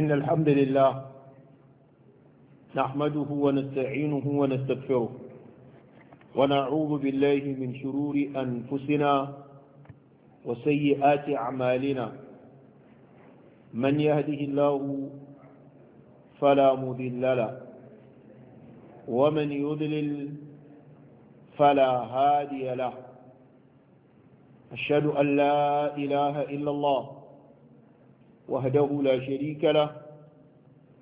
إن الحمد لله نحمده ونستعينه ونستغفره ونعوذ بالله من شرور أنفسنا وسيئات أعمالنا من يهده الله فلا مذل له ومن يذلل فلا هادي له أشهد أن لا إله إلا الله وهده لا شريك له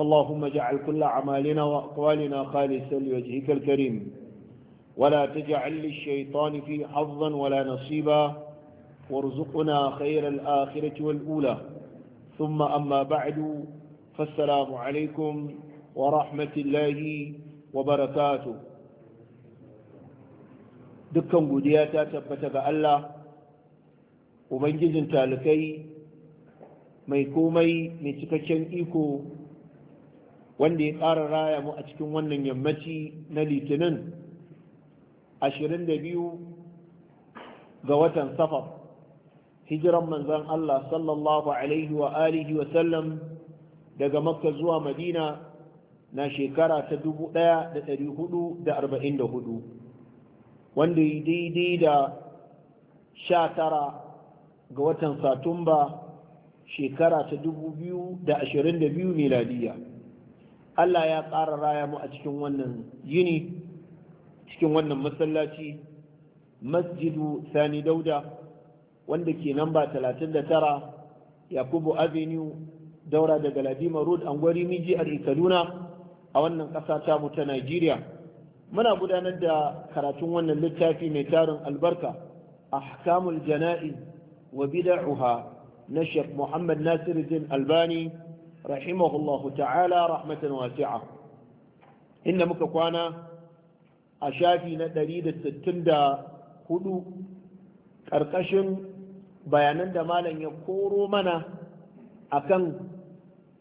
اللهم اجعل كل أعمالنا وأقوالنا خالصا لوجهك الكريم ولا تجعل للشيطان في حظا ولا نصيبا وارزقنا خير الآخرة والأولى ثم أما بعد فالسلام عليكم ورحمة الله وبركاته دكا قدياتا تبتك الله ومنجز تالكي ميكومي من سكتشن إيكو wanda ya ƙara raya mu a cikin wannan yammaci na litinin 22 ga watan safar hijiran manzan Allah sallallahu alaihi wa alihi wa sallam daga makka zuwa madina na shekara ta 1444 wanda ya daidai da 19 ga watan satumba shekara ta 2022 miladiya Allah ya ƙara raya mu a cikin wannan yini cikin wannan masallaci masjidu sani dauda wanda ke namba tara, yakubu avenue daura da galadima road angwari miji a kaduna a wannan ƙasa tamu ta nigeria muna gudanar da karatun wannan littafi mai tarin albarka ahkamul jana'iz wa Bida'uha na sheikh muhammad nasiruddin albani رحمه الله تعالى رحمة واسعة إن مكوانا أشافي ندريد da هدو ƙarƙashin bayanan da malam ya koro mana akan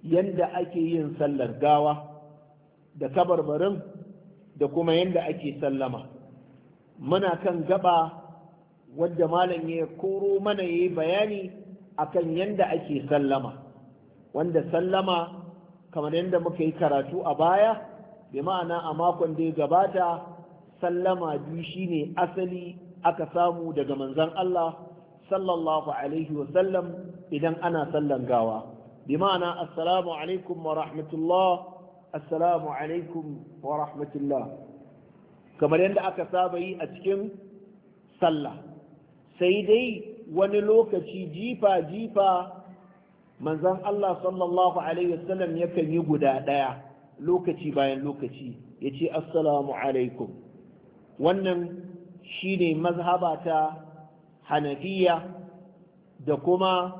yadda ake yin sallar gawa da kabarbarin da kuma yadda ake sallama muna kan gaba wadda malam ya koro mana ya yi bayani akan yadda ake sallama wanda sallama kamar yadda muka yi karatu a baya bi ma'ana a makon da ya gabata sallama biyu shi ne asali aka samu daga manzan Allah sallallahu alaihi wasallam idan ana sallan gawa bi ma'ana assalamu alaikum wa rahmatullah assalamu alaikum wa rahmatullah kamar yadda aka saba yi a cikin sallah sai dai wani lokaci jifa-jifa Manzan Allah sallallahu alaihi wasallam yakan yi guda ɗaya lokaci bayan lokaci ya ce assalamu alaikum wannan shi ne mazhabata hanafiya da kuma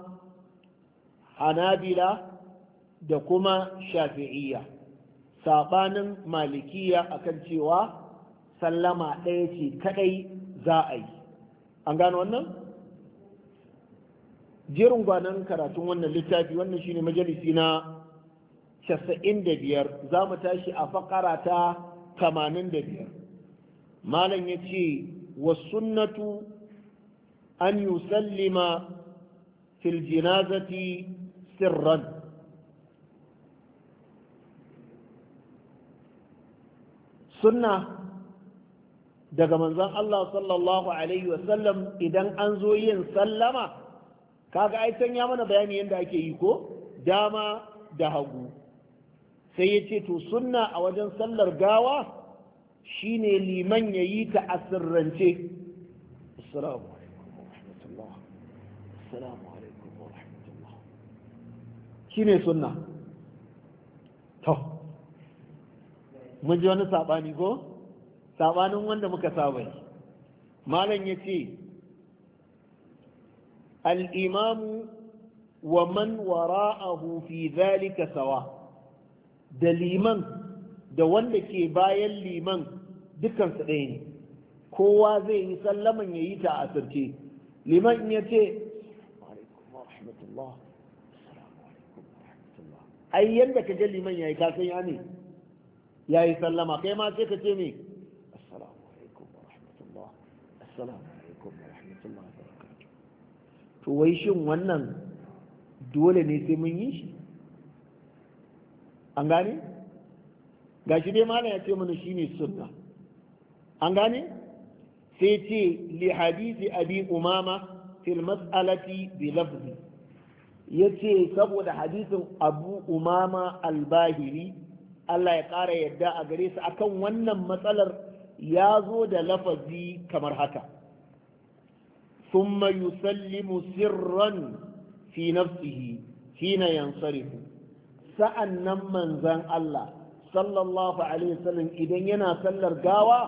hanabila da kuma shafi'iyya Saɓanin malikiya akan cewa sallama ɗaya ce kaɗai za a yi an gano wannan jerin gwanan karatun wannan littafi wannan shine majalisi na 95 za mu tashi a fakara ta 85 malam ya ce wasunnatu an yusallima fil filjinazati sirran sunna daga manzan Allah sallallahu alaihi wasallam idan an zo yin sallama kaga ai can ya mana bayani yadda ake yi ko dama da hagu sai ya ce to sunna a wajen sallar gawa shine liman ya yi ta a sirrance assalamu alaikum wa rahmatullah shine sunna to mun ji wani saɓani ko Saɓanin wanda muka saba malam ya ce al'imamu wa man wara'ahu fi zalika sawa da liman da wanda ke bayan liman dukansu ɗaya ne kowa zai yi sallaman ya yi ta a asirce liman in ya ce ai yadda ka je liman ya yi kasan ya ne ya yi sallama kai ma sai ka ce me assalamu alaikum wa rahmatullah assalamu to wai shin wannan dole ne sai mun yi shi an gane Ga shi dai malam ya ce mana shine sunna an gane sai ce li hadisi abi umama fil mas'alati bi lafzi yace saboda hadisin abu umama al Allah ya ƙara yadda a gare su akan wannan matsalar ya zo da lafazi kamar haka ثم يسلم سرا في نفسه حين ينصرف sa'annan manzan Allah sallallahu alaihi wasallam idan yana sallar gawa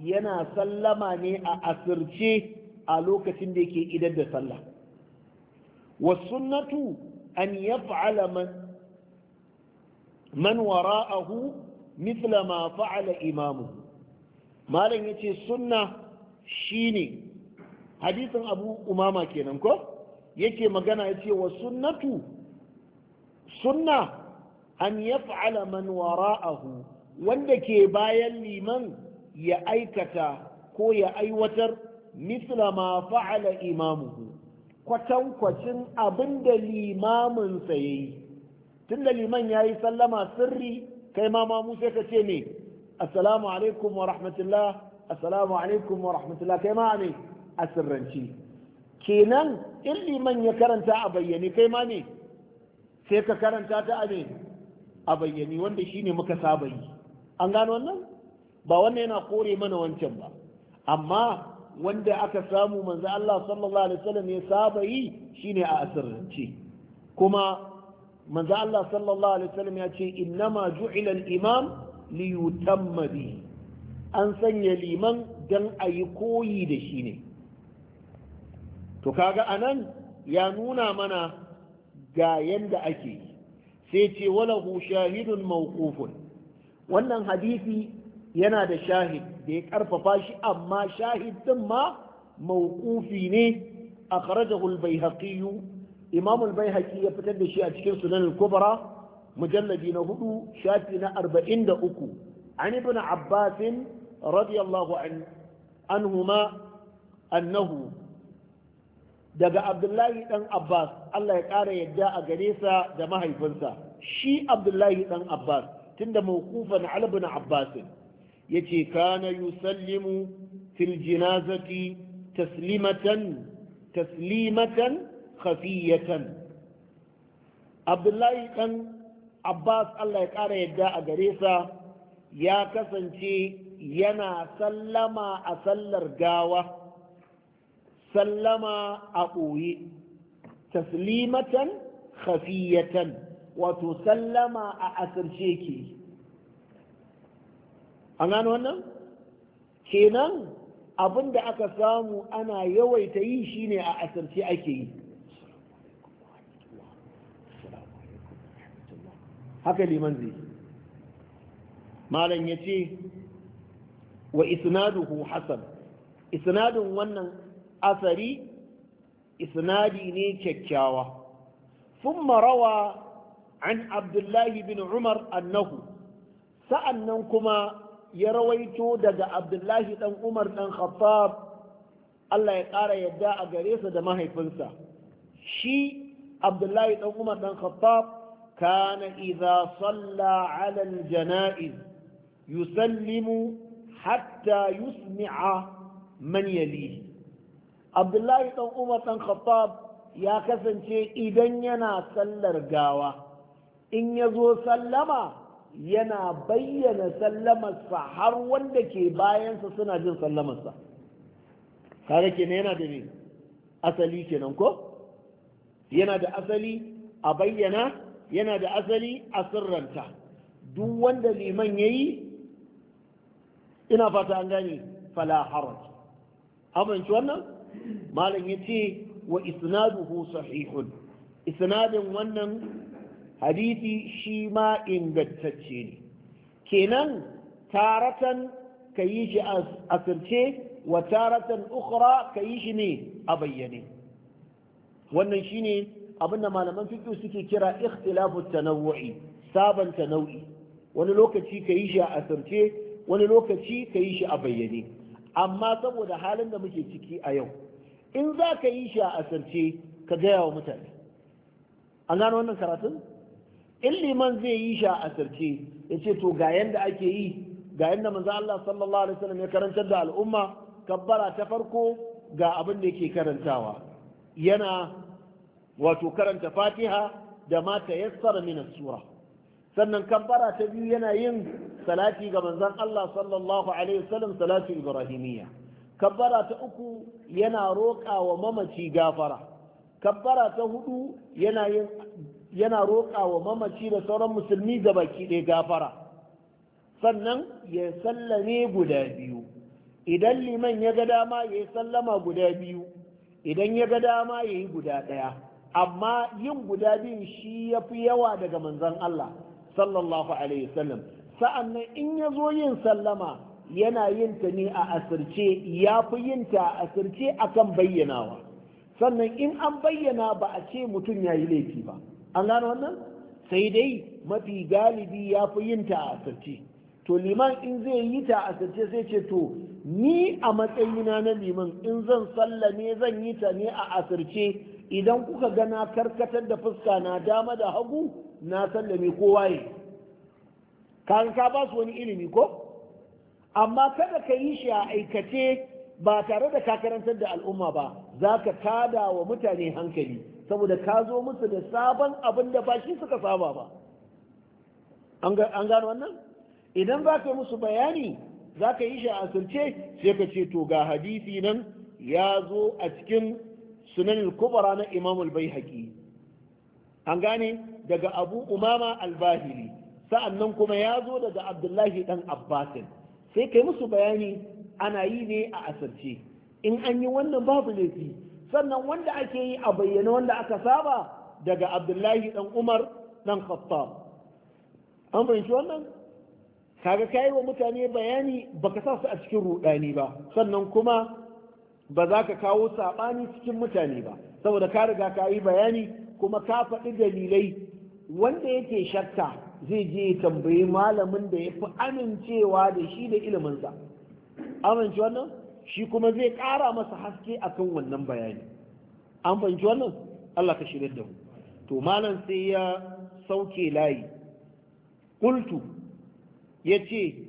yana sallama ne a asirce a lokacin da yake idan da sallah wasunnatu an yaf'ala man man wara'ahu mithla ma fa'ala imamu malam yace sunna shine hadisin abu umama kenan ko yake magana ya ce wa sunnatu sunna an ya fa'ala man wara'ahu wanda ke bayan liman ya aikata ko ya aiwatar misla ma fa'ala imamuhu kwatankwacin abin da limaminsa ya yi tun da liman ya yi sallama sirri kai ma Musa ka ce ne assalamu alaikum wa rahmatullah assalamu alaikum wa rahmatullah kai ma ne a sirrance kenan in liman ya karanta a bayyane kai ma ne sai ka karanta ta a a bayyane wanda shi ne muka saba yi an gano wannan ba wannan yana kore mana wancan ba amma wanda aka samu manzo Allah sallallahu alaihi wasallam ya saba yi shine a asirrance kuma manzo Allah sallallahu alaihi wasallam ya ce innama ju'ila al-imam liyutamma bi an sanya liman dan ayi koyi da shi ne to kaga anan ya nuna mana ga yanda ake yi sai ce walahu shahidun mawqufun wannan hadisi yana da shahid da ya karfafa shi amma shahid din ma mawqufi ne akhrajahu al-baihaqi imam al-baihaqi ya fitar da shi a cikin sunan al-kubra mujalladi na hudu shafi na arba'in uku. an ibn Abbasin radiyallahu anhuma annahu daga abdullahi dan abbas allah ya ƙara yadda a gare sa da mahaifinsa shi abdullahi dan abbas tunda mawqufan ala ibn abbas yace kana yusallimu fil janazati taslimatan taslimatan khafiyatan abdullahi dan abbas allah ya ƙara yadda a gare sa ya kasance yana sallama a sallar gawa sallama a ɓoye taslimatan khafiyatan wato sallama a asirce ke an gano wannan kenan abin da aka samu ana yawaita yi shine a asirce ake yi haka liman zai malam ya ce wa isnaduhu hasan isnadun wannan asari isnadi ne kyakkyawa sun marawa an abdullahi bin umar annahu sa’an nan kuma ya rawaito daga abdullahi ɗan umar ɗan khattab Allah ya ƙara yadda a gare sa da mahaifinsa shi abdullahi ɗan umar ɗan khattab kana iza salla alal jana'iz yusallimu hatta yusmi'a man yalihi abdullahi ɗan umar ɗan khattab ya kasance idan yana sallar gawa in ya zo sallama yana bayyana sallamarsa har wanda ke bayansa suna jin sallamarsa kare kenan yana da ne asali kenan ko yana da asali a bayyana yana da asali a sirranta duk wanda liman ya yi ina fata an gane fala amince wannan malam yace wa isnaduhu sahihun isnadin wannan hadisi shi ma ingantacce ne kenan taratan ka yi shi a asirce wa taratan ukhra ka yi shi ne a bayyane wannan shine abinda malaman fiqh suke kira ikhtilafu tanawu'i sabanta nau'i wani lokaci ka yi shi a asirce wani lokaci ka yi shi a bayyane amma saboda halin da muke ciki a yau in za ka yi shi a asirce ka gaya wa mutane an gano wannan karatun in liman zai yi shi a asirce ya ce to ga yanda ake yi ga yanda manzo Allah sallallahu alaihi wasallam ya karantar da al'umma kabbara ta farko ga abin da yake karantawa yana wato karanta fatiha da ma tayassara minas sura sannan kabbara ta biyu yana yin salati ga manzan Allah sallallahu alaihi wasallam salati ibrahimiyya kambara ta uku yana roƙa wa mamaci gafara kambara ta hudu yana roƙa wa mamaci da sauran musulmi ga baki ɗaya gafara sannan ya sallame guda biyu idan liman ya ga dama ya yi sallama guda biyu idan ya ga dama ya yi guda ɗaya amma yin guda biyu shi ya fi yawa daga manzan Allah sallallahu alaihi wasallam sa'annan in ya zo yin sallama yana yin ta ne a asirce ya fi yin ta a asirce akan bayyanawa sannan in an bayyana ba a ce mutum ya yi laifi ba an gano wannan sai dai mafi galibi ya fi yin ta a asirce to liman in zai yi ta a asirce sai ce to ni a matsayina na liman in zan sallame zan yi ta ne a asirce idan kuka gana karkatar da fuska na dama da hagu na sallame kowa ya kan ka ba su wani ilimi ko amma kada ka yi shi a aikace ba tare da ka karantar da al'umma ba za ka tada wa mutane hankali saboda ka zo musu da sabon abin da ba shi suka saba ba an gano wannan idan za ka musu bayani za ka yi shi a asirce sai ka ce to ga hadisi nan ya zo a cikin sunan kubara na imam al haƙi an gane daga abu umama albahiri sa'an nan kuma ya zo daga abdullahi dan abbasin sai kai musu bayani ana yi ne a asirce in an yi wannan babu laifi sannan wanda ake yi a bayyana wanda aka saba daga abdullahi dan umar dan khattab an fahimci wannan kaga kayi wa mutane bayani baka sa su a cikin rudani ba sannan kuma ba za ka kawo saɓani cikin mutane ba saboda ka riga ka yi bayani kuma ka faɗi dalilai wanda yake shakka zai je tambayi malamin da ya fi amincewa da shi da iliminsa amince wannan shi kuma zai ƙara masa haske akan wannan bayani an fahimci wannan Allah ka shirya da mu to malam sai ya sauke layi ya qultu yace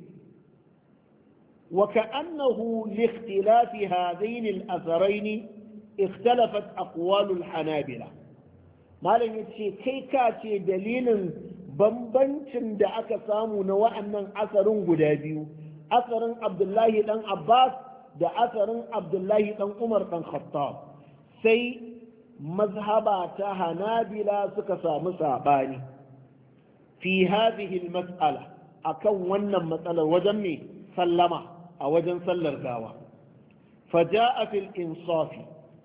وكأنه لاختلاف هذين الأثرين اختلفت أقوال hanabila malam ya ce kai ka ce dalilin bambancin da aka samu na wa'annan asarin guda biyu asarin abdullahi dan abbas da asarin abdullahi dan umar dan khattab sai mazhaba ta hanabila suka samu sabani fi hadhihi mas'ala akan wannan matsalar wajen mai sallama a wajen sallar gawa faja'a fil insafi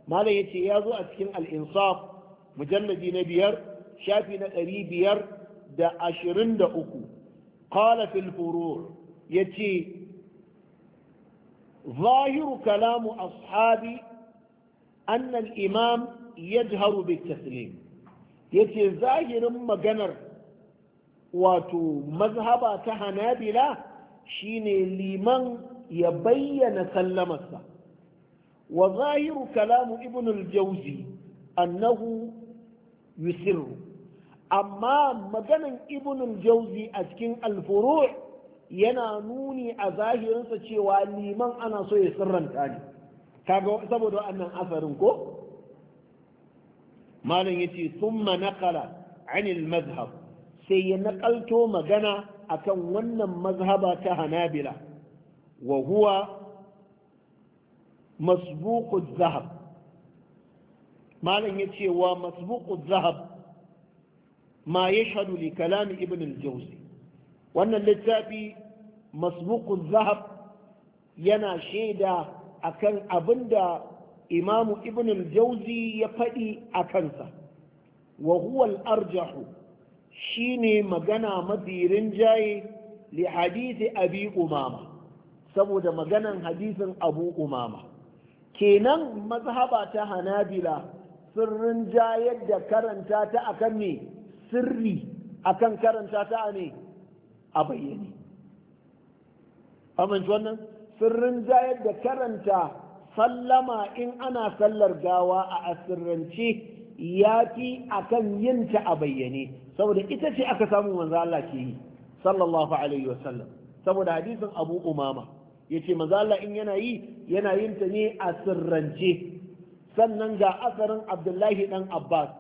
malam yace zo a cikin al insaf mujalladi na biyar shafi na ɗari biyar da ashirin da uku qala fil furur yace ظاهر كلام أصحابي أن الإمام يجهر بالتسليم يتي ظاهر مجنر واتو مذهب تهنابلة شيني لمن يبين سلمسة وظاهر كلام ابن الجوزي أنه yusirru amma maganan ibnul jauzi a cikin alfuru yana nuni a zahirinsa cewa liman ana so ya sirranta ne kaga saboda wannan asarin ko malam yace thumma naqala anil mazhab sai ya naƙalto magana akan wannan mazhaba ta hanabila wa huwa masbuqu zahab malam ya ce wa masbuku zahab ma shaɗu li kalami ibn al-jawzi wannan littafi masbuku zahab yana shaida akan abinda imamu ibn al-jawzi ya faɗi a kansa wa huwal arjahu shine magana mazirin jaye li hadisi abi umama saboda maganan hadisin abu umama kenan mazhaba ta hanabila Sirrin rinja yadda karanta ta akan me sirri akan karanta ta a ne a bayyane amince wannan sun rinja yadda karanta sallama in ana sallar gawa a asirrance ya fi akan yin ta a bayyane saboda ita ce aka samu manzo Allah ke yi sallallahu alaihi wasallam saboda hadisin Abu Umama yace manzo Allah in yana yi yana yin ta ne a sirrance sannan ga asarin abdullahi dan abbas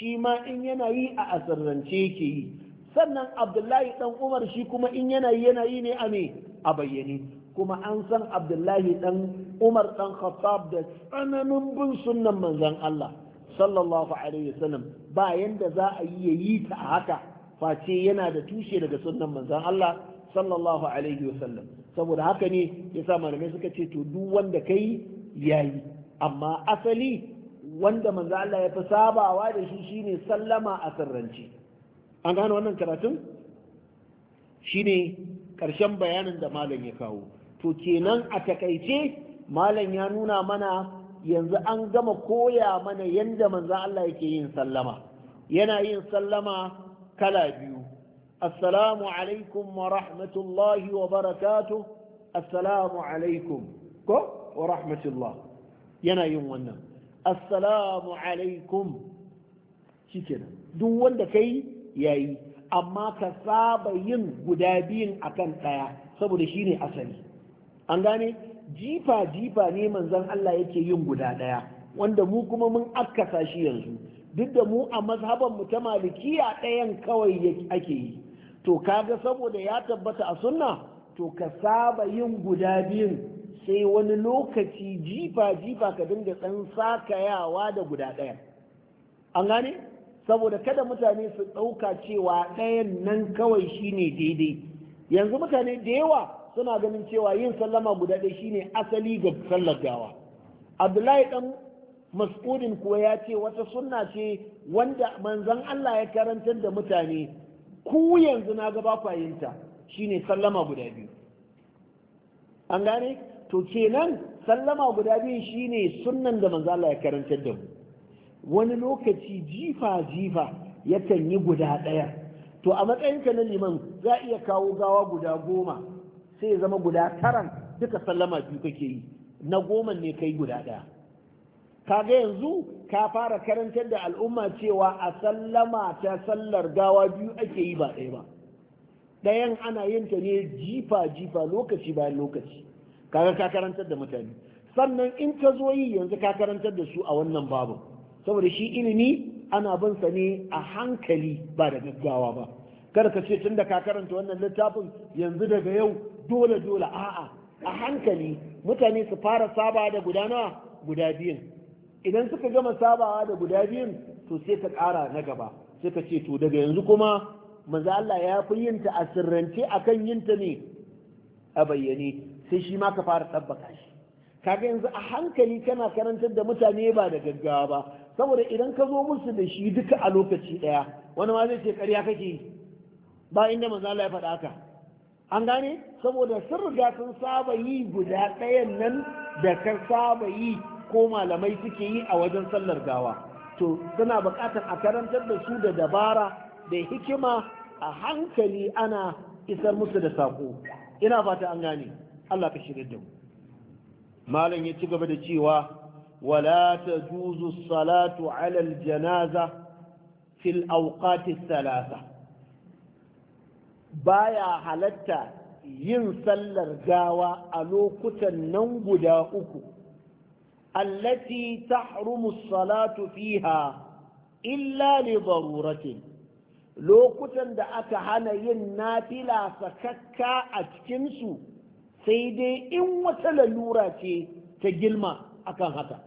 shi ma in yana yi a asirrance yake yi sannan abdullahi dan umar shi kuma in yana yi yana yi ne a me a bayyane kuma an san abdullahi dan umar dan khattab da tsananin bin sunnan manzon allah sallallahu alaihi wasallam ba yanda za a yi ya yi ta haka face yana da tushe daga sunnan manzon allah sallallahu alaihi wasallam saboda haka ne yasa malamai suka ce to duk wanda kai yayi amma asali wanda manzo Allah ya fi sabawa da shi shine sallama a sirrance an gane wannan karatun shine karshen bayanin da malam ya kawo to kenan a takaice malam ya nuna mana yanzu an gama koya mana yanda manzo Allah yake yin sallama yana yin sallama kala biyu assalamu alaikum wa rahmatullahi wa barakatuh assalamu alaikum ko wa rahmatullah yana yin wannan assalamu alaikum shikenan duk wanda ka yi, ya yi. amma ka saba yin guda biyun a kan ɗaya saboda shi ne asali an gane jifa jifa ne manzon Allah yake yin guda ɗaya wanda mu kuma mun akasa shi yanzu duk da mu a mazhaban mu ta malikiya ɗayan kawai ake yi to kaga saboda ya tabbata a sunna to ka saba yin guda biyun sai wani lokaci jifa-jifa ka dinga ɗan sakayawa da guda ɗaya an gane saboda kada mutane su ɗauka cewa ɗayan nan kawai shine daidai yanzu mutane da yawa suna ganin cewa yin sallama guda ɗaya shine asali ga sallar gawa abdullahi ɗan mas'udin kuwa ya ce wata sunna ce wanda manzan Allah ya karantar da mutane ku yanzu na ga ba yinta shine sallama guda biyu an gane to kenan sallama guda biyu shine sunnan da manzo ya karantar da mu wani lokaci jifa jifa yakan yi guda ɗaya to a matsayinka na liman za iya kawo gawa guda goma sai ya zama guda taran duka sallama biyu kake yi na goma ne kai guda ɗaya kaga yanzu ka fara karantar da al'umma cewa a sallama ta sallar gawa biyu ake yi ba ɗaya ba ɗayan ana yin ta ne jifa jifa lokaci bayan lokaci kaga ka karantar da mutane sannan in ka zo yi yanzu ka karantar da su a wannan babu saboda shi ilimi ana bin sa ne a hankali ba da gaggawa ba kada ka ce tunda ka karanta wannan littafin yanzu daga yau dole dole a'a a hankali mutane su fara sabawa da gudanawa guda biyun idan suka gama sabawa da guda biyun to sai ka ƙara na gaba sai ka ce to daga yanzu kuma manzo Allah ya fi yin ta a sirrance akan yin ta ne a bayyane sai shi ma ka fara tabbata shi kaga yanzu a hankali kana karantar da mutane ba da gaggawa ba saboda idan ka zo musu da shi duka a lokaci ɗaya, wani ma zai ce karya kake ba inda manzo Allah ya faɗa haka an gane saboda sun riga sun saba yi guda ɗayan nan da ka saba yi ko malamai suke yi a wajen sallar gawa to suna buƙatar a karantar da su da dabara da hikima a hankali ana isar musu da saƙo ina fata an gane Allah ka shirya da mu malam ya ci gaba da cewa wala juzu salatu ala janaza fil awqati thalatha baya halatta yin sallar gawa a lokutan nan guda uku allati tahrumu salatu fiha illa li daruratin lokutan da aka hana yin nafila sakakka a cikinsu sai dai in wata lalura ce ta gilma akan haka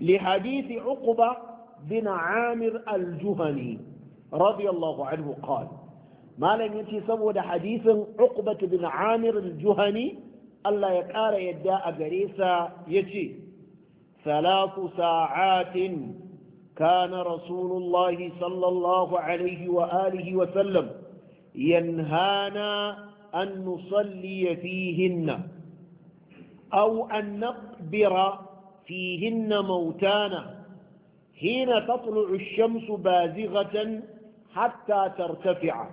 li hadisi uquba bin amir al-juhani radiyallahu anhu qala malam yace saboda hadisin uqba bin amir al-juhani Allah ya ƙara yadda a gare sa yace salatu sa'atin kana rasulullahi sallallahu alaihi wa alihi wa sallam ينهانا أن نصلي فيهن أو أن نقبر فيهن موتانا حين تطلع الشمس بازغة حتى ترتفع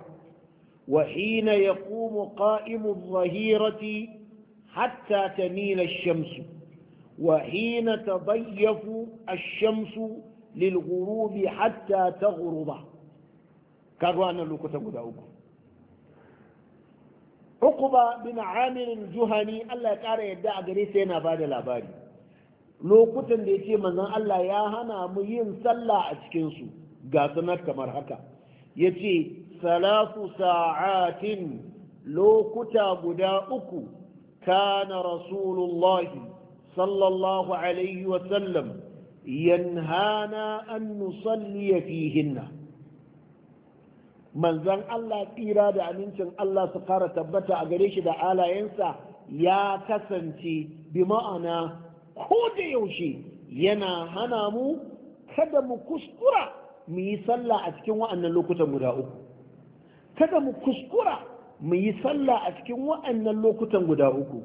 وحين يقوم قائم الظهيرة حتى تميل الشمس وحين تضيف الشمس للغروب حتى تغرب كروانا لكتب داوكم Ukuba bin Amirin Juhani Allah ya ƙara yadda a gare sa yana ba da labari. Lokutan da ya ce manzon Allah ya hana mu yin sallah a cikinsu ga sanar kamar haka. Ya ce, Salasu sa'atin lokuta guda uku kana Rasulullahi sallallahu alaihi wasallam yanhana an nusalliya fihinna. manzan Allah tsira da amincin Allah su fara tabbata a gare shi da alayensa ya kasance bi ma'ana ko da yaushe yana hana mu kada mu kuskura mu yi sallah a cikin wa'annan lokutan guda uku kada mu kuskura mu yi sallah a cikin wa'annan lokutan guda uku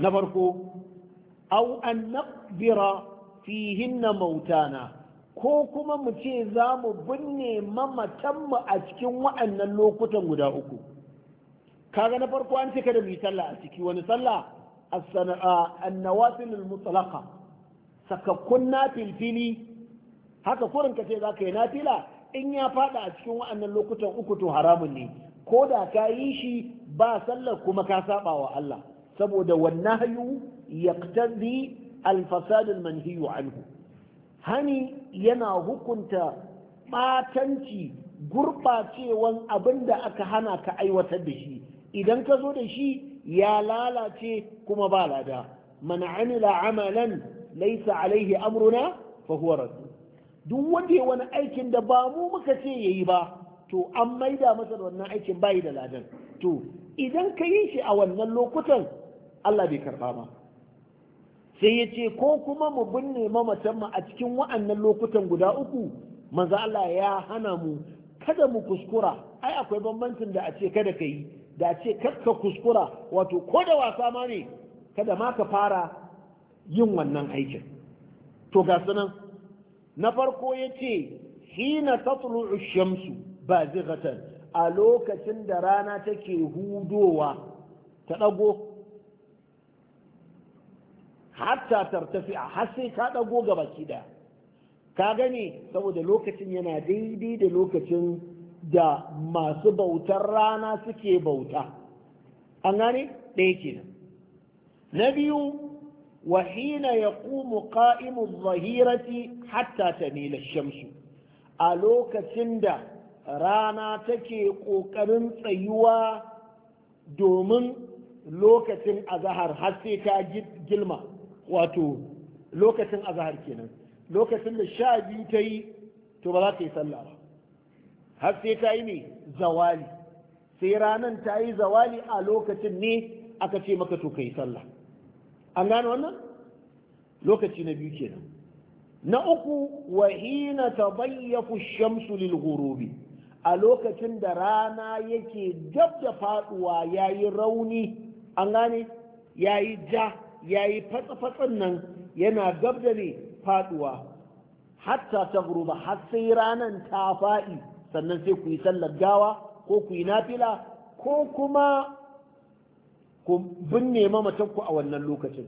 na farko au an naqbira fihinna mautana ko kuma mu ce za mu binne mamatanmu a cikin wa'annan lokutan guda uku kaga na farko an cika da mu yi sallah a ciki wani sallah annawasilul mutlaqa sakakkun nafilfili haka kurin ka ce za ka yi nafila in ya fada a cikin wa'annan lokutan uku to haramun ne ko da ka yi shi ba sallar kuma ka saba wa Allah saboda wannan hayu yaqtadi al-fasad al-manhiyu anhu hani yana hukunta ɓatanci gurɓacewan abin da aka hana ka aiwatar da shi idan ka zo da shi ya lalace kuma ba lada man amila amalan laisa alaihi amruna fa huwa duk wanda ya wani aikin da ba mu muka ce yayi ba to an maida masa da wannan aikin bayi da ladan to idan ka yi shi a wannan lokutan Allah bai karba ba sai ya ce ko kuma mu binne mamatan mu a cikin wa'annan lokutan guda uku manzo Allah ya hana mu kada mu kuskura ai akwai bambancin da a ce kada ka yi da a ce kakka kuskura wato ko da wasa ma ne kada ma ka fara yin wannan aikin to ga sunan na farko ya ce hina tatlu'u shamsu bazighatan a lokacin da rana take hudowa ta dago. hatta tartafi har sai ka dago gaba kida, ka gani saboda lokacin yana daidai da lokacin da masu bautar rana suke bauta an gane ɗaya kenan na biyu wahina ya ƙumu ƙa'imun zahirati hatta ta shamsu a lokacin da rana take ƙoƙarin tsayuwa domin lokacin azahar har sai ta gilma wato lokacin azahar kenan lokacin da sha biyu ta yi to ba za ta yi sallah ba har sai ta yi ne zawali sai ranan ta yi zawali a lokacin ne aka ce maka to ka yi sallah an gane wannan lokaci na biyu kenan na uku wahina ta bayyafu shamsu lil ghurubi a lokacin da rana yake dab da faduwa yayi rauni an gane yayi ja ya yi fatsa-fatsan nan yana gab da ne faduwa hatta ta guruba har sai ranar ta faɗi sannan sai ku yi sallar gawa ko ku yi nafila ko kuma ku binne mamatan ku a wannan lokacin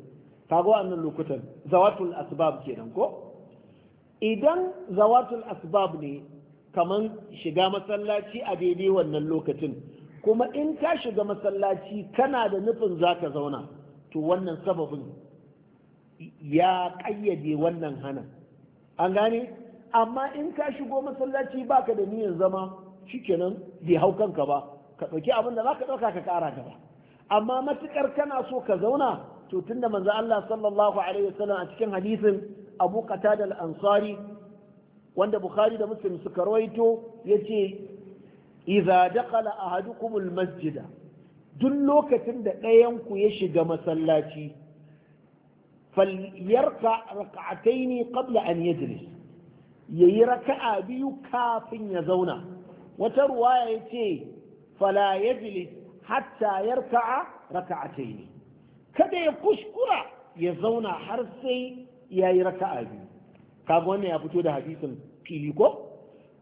kaga wannan lokacin, zawatul asbab kenan ko idan zawatul asbab ne kaman shiga masallaci a daidai wannan lokacin kuma in ka shiga masallaci kana da nufin zaka zauna to wannan sababin ya ƙayyade wannan hana an gane amma in ka shigo masallaci baka da niyyar zama shikenan bai hau kanka ba ka ɗauki abin da za ka ɗauka ka ƙara gaba amma matuƙar kana so ka zauna to da manzo Allah sallallahu alaihi wasallam a cikin hadisin Abu Qatada al-Ansari wanda Bukhari da Muslim suka rawaito yace idza dakhala ahadukum al-masjida duk lokacin da ɗayanku ya shiga masallaci falyarka raka'atai ne qabla an yajlis ya yi raka'a biyu kafin ya zauna wata ruwaya ya ce fala yajlis hatta yarka'a raka'atai ne kada ya kuskura ya zauna har sai ya yi raka'a biyu kaga wannan ya fito da hadisin fili ko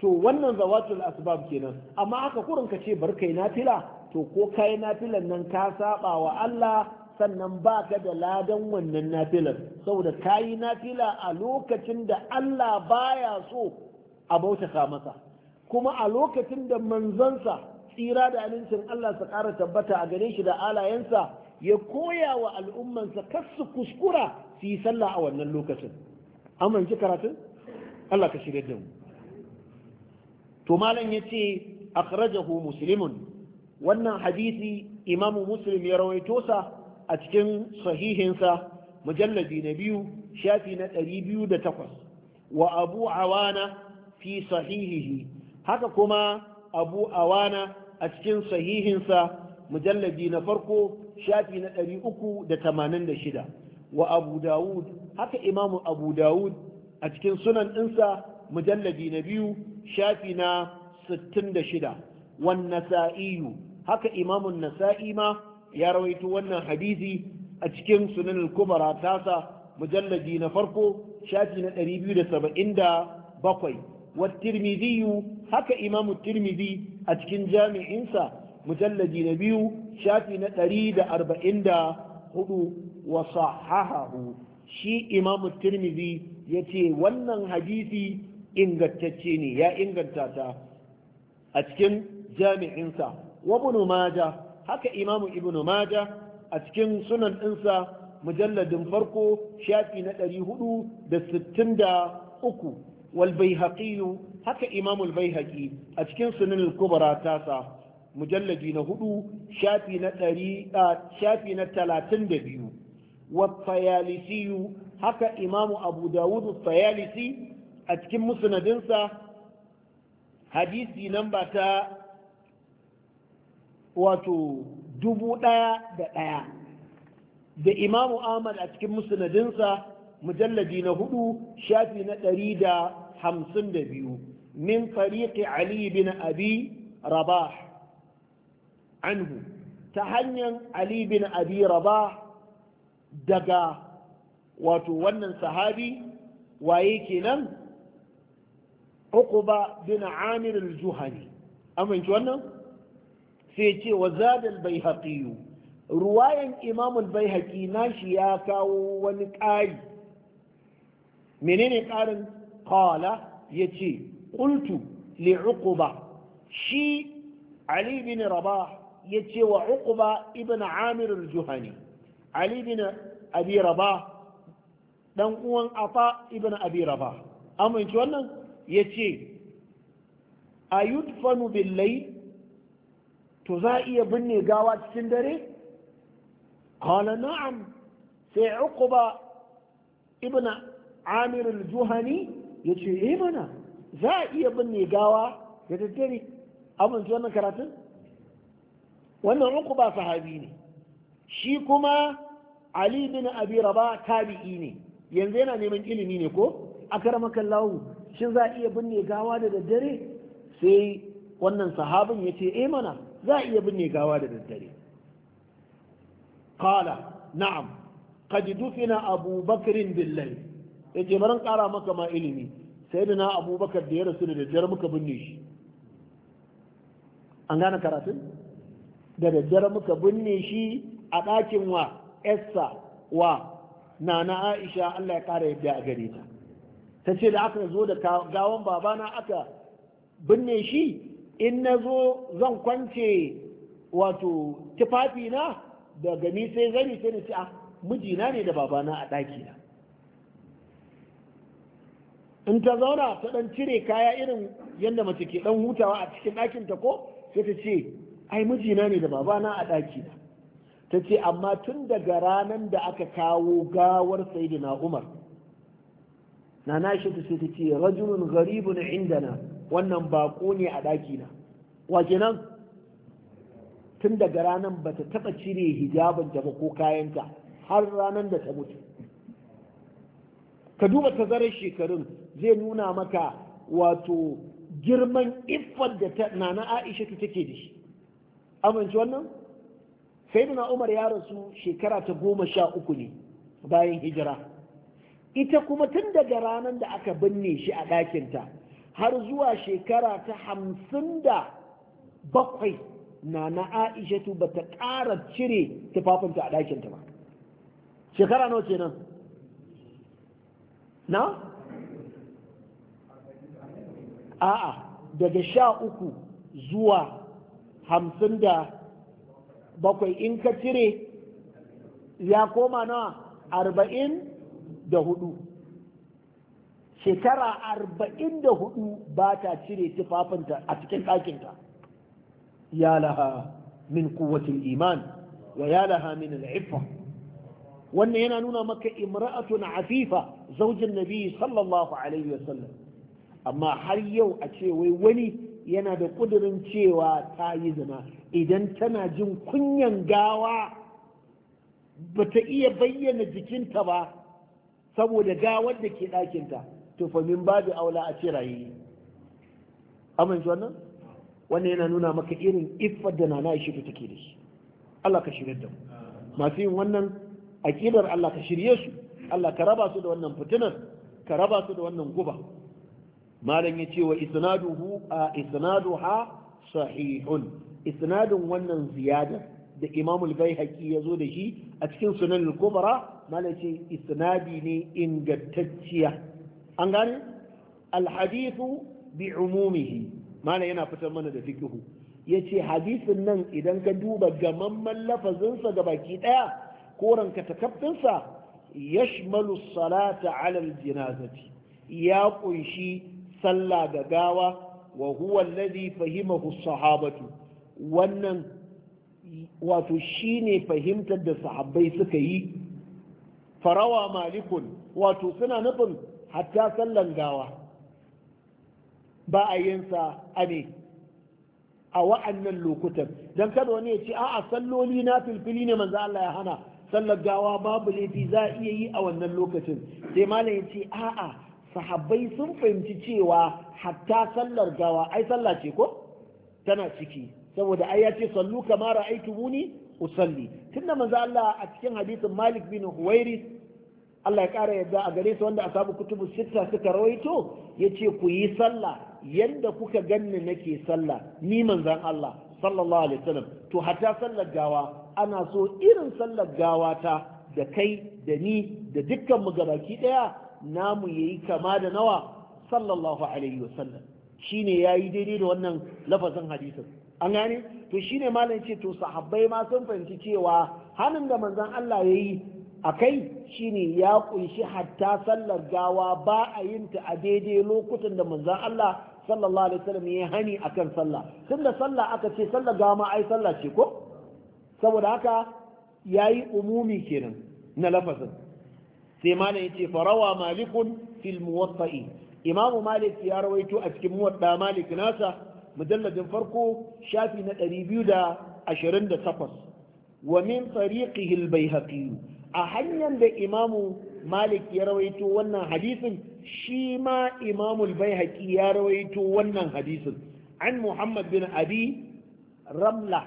to wannan zawatul asbab kenan amma aka kurin ka ce bar kai na fila? to ko kai nafilan nan ka saba wa Allah sannan ba ka da ladan wannan nafilan saboda ka yi nafila a lokacin da Allah baya so a bautaka masa kuma a lokacin da manzansa tsira da amincin Allah sa ƙara tabbata a gare shi da alayensa ya koya wa al'ummansa kar su kuskura su yi sallah a wannan lokacin an ji karatun Allah ka shirya da mu to malam yace akhrajahu muslimun wannan hadisi imamu muslim ya rawaito sa a cikin sahihinsa mujalladi na biyu shafi na ɗari biyu da takwas wa abu awana fi sahihihi haka kuma abu awana a cikin sahihinsa mujalladi na farko shafi na ɗari uku da tamanin da shida wa abu dawud haka imamu abu dawud a cikin sunan ɗinsa mujalladi na biyu shafi na sittin da shida والنسائي haka imamun nasa'i ma ya rawaito wannan hadisi a cikin sunan al-kubra tasa mujalladi na farko shafi na 277 wa tirmidhi haka imamu tirmidhi a cikin jami'insa mujalladi na biyu shafi na 144 wa sahahahu shi imamu tirmidhi yace wannan hadisi ingantacce ne ya inganta ta a cikin jami'insa wa ibn haka imam Al-Ibnu maja a cikin sunan ɗinsa mujalladin farko shafi na 463 wal baihaqi haka imam al baihaqi a cikin sunan al tasa mujalladi na hudu shafi na talatin da biyu والطيالسي haka imamu abu dawud a cikin musnadinsa hadisi namba ta wato dubu ɗaya da ɗaya da imamu ahmad a cikin musnadinsa mujalladi na hudu shafi na ɗari da hamsin da biyu min fariƙi ali bin abi rabah anhu ta hanyar ali bin abi rabah daga wato wannan sahabi waye kenan uquba bin amir al-juhani wannan sai ce wa zadal bai haƙiyu ruwayan imamul bai haƙi nashi ya kawo wani ƙari menene ƙarin kala ya ce ƙultu li uquba shi ali bin Raba. ya ce wa uquba ibn amir juhani ali bin abi dan uwan afa ibn abi rabah amince wannan ya ce a yudfanu bil layl to za a iya binne gawa cikin dare qala na'am sai ba ibn amir al-juhani ce eh mana za a iya binne gawa da daddare abin ji wannan karatun wannan ba sahabi ne shi kuma ali bin abi raba tabi'i ne yanzu yana neman ilimi ne ko A akaramakan lahu shi za a iya binne gawa da daddare sai wannan sahabin ya ce eh mana za a iya binne gawa da daddare kala na'am qad dufina abu bakrin billahi yace baran kara maka ma ilimi sai da na abubakar da ya rasu da daddare muka binne shi an gane karatun da daddare muka binne shi a ɗakin wa esa wa na na aisha allah ya kara yadda a gare ta ta ce da aka zo da gawan babana aka binne shi in na zo zan kwance wato tufafi na da gani sai zani sai na ce a ah, mijina ne da babana a ɗaki na in ta zauna ta ɗan cire kaya irin yadda mace ke ɗan hutawa a cikin ɗakin ta ko sai ta ce ai mijina ne da babana a ɗaki na ta ce amma tun daga ranar da aka kawo gawar sai umar na na shi ta ce ta ce rajulun garibun indana wannan bako ne a ɗakina. na wa kenan tun daga ranar ba ta taɓa cire ta ba ko kayanka har ranar da ta mutu ka duba tazarar shekarun zai nuna maka wato girman iffar da ta nana aisha ta take da shi amince wannan sai umar ya rasu shekara ta goma sha uku ne bayan hijira ita kuma tun daga ranar da aka binne shi a ɗakinta har zuwa shekara ta hamsin da bakwai na na aishatu ba ta ƙara cire tufafinta a ɗakinta ba shekara nawa kenan na? a'a daga sha uku zuwa hamsin da bakwai in ka cire ya koma na arba'in da hudu shekara arba'in da hudu ba ta cire tufafinta a cikin ɗakinta ya laha min kuwatin iman wa ya laha min al'ifa wannan yana nuna maka imra'atun afifa zaujin nabi sallallahu alaihi wasallam amma har yau a ce wai wani yana da ƙudurin cewa ta yi zina idan tana jin kunyan gawa ba ta iya bayyana jikinta ba saboda gawar da ke ɗakinta to fa min babu aula a ce rayi amin shi wannan wannan yana nuna maka irin iffar da nana shi take da shi Allah ka shirye da mu masu yin wannan aqidar Allah ka shirye su Allah ka raba su da wannan fitinar ka raba su da wannan guba malam ce wa isnaduhu a isnaduha sahihun isnadun wannan ziyada da Imam al-Baihaqi zo da shi a cikin Sunan al-Kubra malam ce isnadi ne ingantacciya an gane alhadithu bi umumihi mana yana fitar mana da fikihu ya ce hadisin nan idan ka duba gamamman lafazinsa ga baki ɗaya ko ranka takaftinsa yashmalu salata alal jinazati ya kunshi sallah ga gawa wa huwa alladhi fahimahu sahabatu wannan wato shine fahimtar da sahabbai suka yi farawa malikun wato suna nufin hatta sallan gawa ba a yinsa a ne a wa'annan lokutan don kada wani ya ce a'a salloli na filfili ne manzo Allah ya hana sallar gawa babu laifi za a iya yi a wannan lokacin sai malam ya ce a'a sahabbai sun fahimci cewa hatta sallar gawa ai sallah ce ko tana ciki saboda ai ya ce sallu aiki ra'aytumuni usalli tunda manzo Allah a cikin hadisin Malik bin Huwairis Allah ya ƙara yadda a gare su wanda sabu kutubu sitta suka rawaito ya ce ku yi sallah yadda kuka ganni nake sallah ni manzan Allah sallallahu alaihi wasallam to hatta sallar gawa ana so irin sallar gawa ta da kai da ni da dukkan mu gabaki daya namu yayi kama da nawa sallallahu alaihi wasallam shine yayi daidai da wannan lafazin hadisin an gane to shine malam ce to sahabbai ma sun fahimci cewa hanin da manzon Allah yayi a kai shine ya kunshi hatta sallar gawa ba a yin ta a daidai lokutan da manzon Allah sallallahu alaihi wasallam ya hani akan sallah tunda sallah aka ce sallar gawa ma ai sallah ce ko saboda haka yayi umumi kenan na lafazin sai malam yace farawa malikun fil muwatta'i imam malik ya rawaito a cikin muwatta malik nasa mujalladin farko shafi na 228 wa min tariqihi al-baihaqi a hanyar da imamu malik ya rawaito wannan hadisin shi ma imamul baihaqi ya rawaito wannan hadisin an muhammad bin abi ramla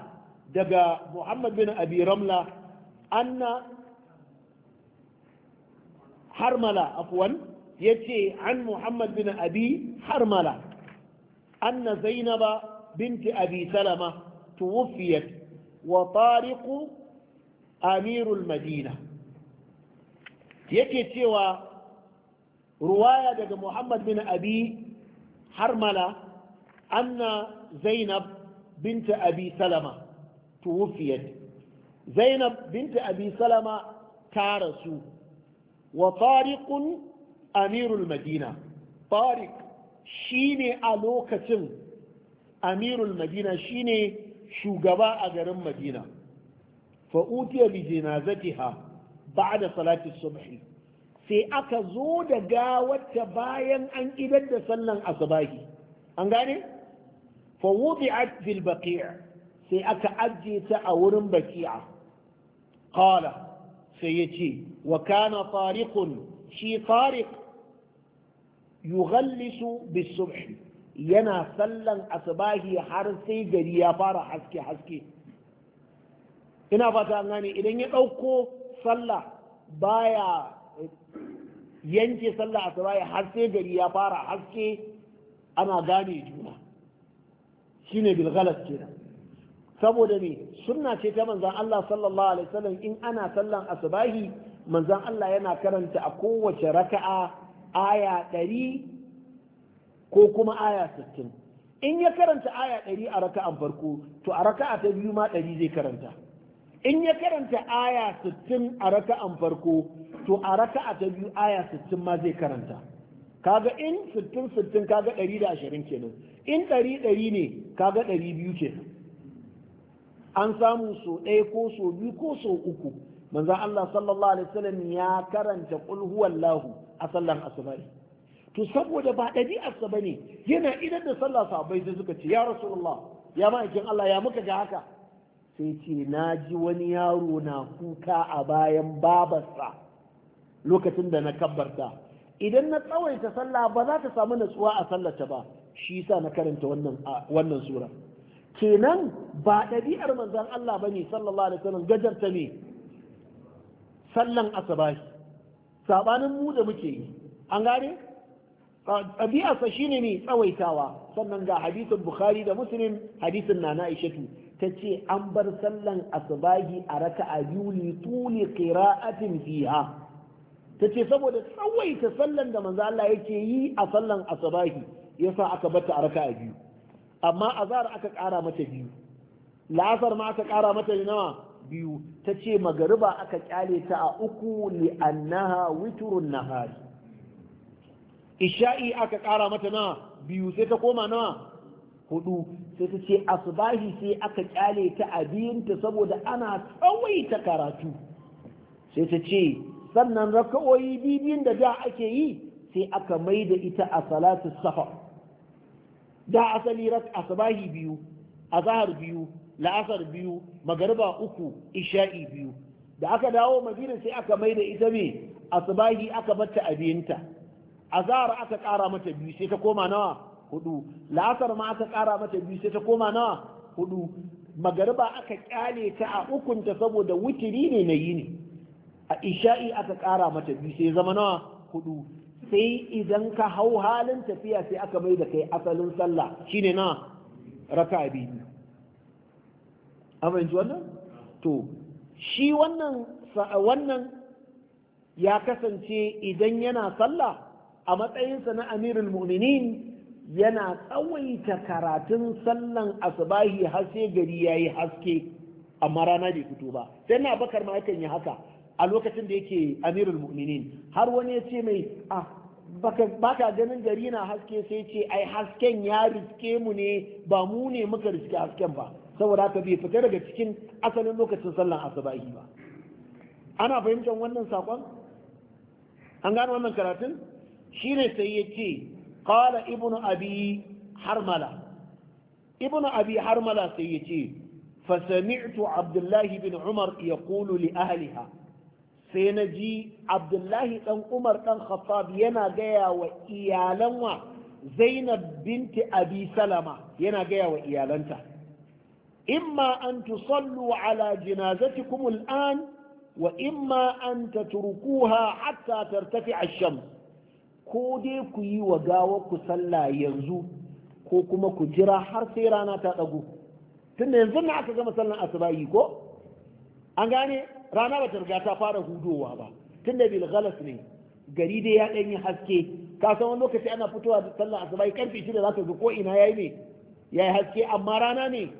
daga muhammad bin abi ramla anna harmala afuwan, ya ce an muhammad bin abi harmala anna zainaba binti abi salama tuwfiyat wa tariqu amirul madina yake cewa ruwaya daga muhammad bin abi harmala anna zainab binta abi salama tuwufiyat zainab binta abi salama ta rasu wa tariqun amirul madina shi shine a lokacin amirul madina shine shugaba a garin madina fa'utiya bi ha. Ba'ada salati subhi sai aka zo da gawarta bayan an idar da sallan asubahi an gane fa wudi'at fil baqi'a sai aka ajiye ta a wurin baki'a qala sai yace wa kana tariqun shi tariq yughallisu bis subhi yana sallan asubahi har sai gari ya fara haske haske ina fata an gane idan ya ɗauko sallah baya yanke sallah asuba ya har sai gari ya fara haske ana gane juna shine bil ghalas kenan saboda ne sunna ce ta manzon Allah sallallahu alaihi wasallam in ana sallan asubahi manzan Allah yana karanta a kowace raka'a aya ɗari ko kuma aya sittin in ya karanta aya ɗari a raka'an farko to a raka'a ta biyu ma ɗari zai karanta in ya karanta aya 60 a raka'an farko to a raka'a ta biyu aya 60 ma zai karanta kaga in 60 60 kaga 120 kenan in 100 100 ne kaga 200 kenan an samu so ɗaya ko so biyu ko so uku manzan Allah sallallahu alaihi wasallam ya karanta qul huwallahu a sallan asubai to saboda ba ɗabi'arsa ne yana idan da sallah sahabbai sai suka ce ya rasulullah ya ma'aikin Allah ya muka ga haka sai ce na ji wani yaro na kuka a bayan babarsa lokacin da na kabbarta idan na tsawaita sallah ba za ta samu natsuwa a sallata ba shi sa na karanta wannan sura kenan ba ɗabi'ar manzan Allah ba ne sallallahu alaihi wasallam gajarta ne sallan asaba sabanin mu da muke yi an gane ɗabi'arsa shine ne tsawaitawa sannan ga hadisin bukhari da muslim hadisin na na ta ce an bar sallan asubahi a raka biyu li tuli qira'atin fiha ta ce saboda tsawaita sallan da manzo Allah yake yi a sallan asubahi yasa aka bata a raka a biyu amma azhar aka ƙara mata biyu la'asar ma aka ƙara mata nawa biyu ta ce magariba aka kyale ta a uku li annaha witrun nahari isha'i aka ƙara mata nawa biyu sai ta koma nawa hudu sai ta ce asbahi sai aka kyale ta abinta saboda ana tsawaita karatu sai ta ce sannan raka'o'i bibiyun da da ake yi sai aka mai da ita a salatu safa da asali asbahi biyu azahar biyu la'asar biyu magariba uku isha'i biyu da aka dawo madina sai aka mai da ita me asbahi aka bata abinta azahar aka kara mata biyu sai ta koma nawa hudu la'asar ma aka kara mata biyu sai ta koma nawa hudu magariba aka kyale ta a ukunta saboda wutiri ne na yi ne a isha'i aka kara mata biyu sai zama nawa hudu sai idan ka hau halin tafiya sai aka mai da kai asalin sallah shine na raka biyu amince wannan to shi wannan wannan ya kasance idan yana sallah a matsayinsa na amirul mu'minin yana tsawaita karatun sallan asubahi har sai gari ya yi haske amma rana bai fito ba sai na bakar ma yakan yi haka a lokacin da yake amirul mu'minin har wani ya ce mai ah baka ganin gari na haske sai ce ai hasken ya riske mu ne ba mu ne muka riske hasken ba saboda haka bai fita daga cikin asalin lokacin sallan asubahi ba ana fahimtar wannan sakon an gano wannan karatun shine sai ya ce qala ibnu abi harmala ibnu abi harmala sai yace fa sami'tu abdullahi bin umar yaqulu li ahliha sai na ji abdullahi dan umar dan khattab yana gaya wa iyalan wa zainab binti abi salama yana gaya wa iyalanta imma an tusallu ala jinazatikum al'an wa imma an tatrukuha hatta tartafi ash-shams ko dai ku yi wa gawar ku sallah yanzu ko kuma ku jira har sai rana ta ɗago tunda yanzu na aka gama sallan yi ko an gane rana ba ta riga ta fara hudowa ba tunda bil ne gari dai ya ɗanyi haske ka san wani lokaci ana fitowa da sallan yi karfe shida za ka ga ko ina yayi ne yayi haske amma rana ne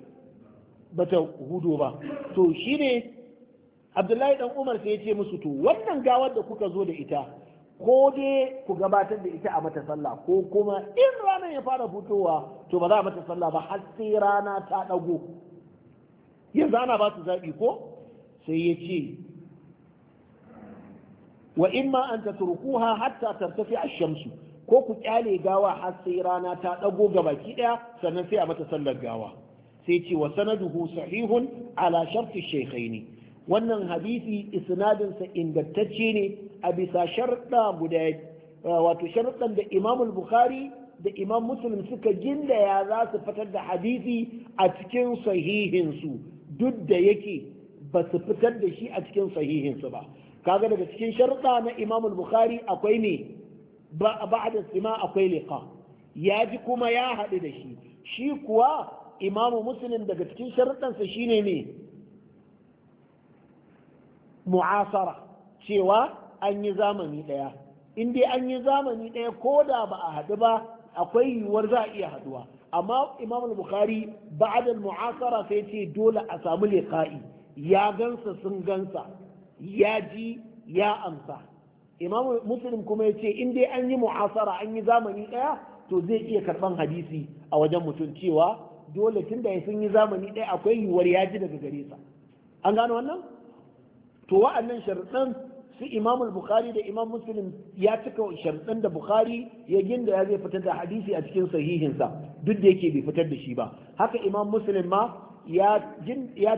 ba ta hudo ba to shine Abdullahi dan Umar sai ya ce musu to wannan gawar da kuka zo da ita ko dai ku gabatar da ita a mata sallah ko kuma in ranar ya fara fitowa to ba za a mata sallah ba har sai rana ta ɗago yanzu ana ba su zaɓi ko sai ya ce wa in ma an ta turkuha hatta tartafi ash-shamsu ko ku kyale gawa har sai rana ta dago baki daya sannan sai a mata sallar gawa sai ce wa sanaduhu sahihun ala sharti shaykhaini wannan hadisi isnadinsa ingantacce ne a bisa sharɗa guda eh, wato sharɗan da imamul bukhari da imam muslim suka gindaya za su fitar da hadisi a cikin sahihinsu duk da yake ba su fitar da shi a cikin sahihinsu ba kaga daga cikin sharɗa na imamul bukhari akwai ne ba da sima akwai liqa ya ji kuma ya haɗu da shi shi kuwa imamu muslim daga cikin sharɗansa shine ne mu'asara cewa an yi zamani ɗaya in dai an yi zamani ɗaya ko da ba a haɗu ba akwai yiwuwar za a iya haɗuwa amma imam al-bukhari ba'da mu'asara sai ce dole a samu liqa'i ya gansa sun gansa ya ji ya amsa imam muslim kuma ya ce in dai an yi mu'asara an yi zamani ɗaya to zai iya karɓan hadisi a wajen mutum cewa dole tun da sun yi zamani ɗaya akwai yiwuwar ya ji daga gare sa an gano wannan to wa'annan sharuɗan su imam bukhari da imam muslim ya cika sharuɗan da bukhari ya ginda ya zai fitar da hadisi a cikin sahihinsa duk da yake bai fitar da shi ba haka imam muslim ma ya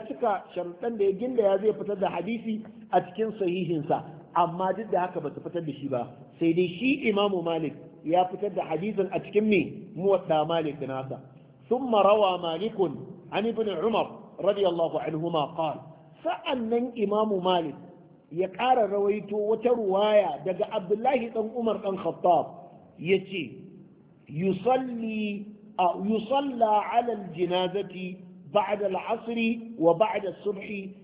cika sharuɗan da ya ginda ya zai fitar da hadisi a cikin sahihinsa amma duk da haka ba su fitar da shi ba sai dai shi imamu malik ya fitar da hadisin a cikin me muwadda malik nasa ثم روى مالك عن ابن عمر رضي الله عنهما قال sa'annan imamu malik ya ƙara rawaito wata ruwaya daga abdullahi ɗan umar ɗan khattab ya ce yusalla ala jinazati ba'da al'asri wa ba'da subhi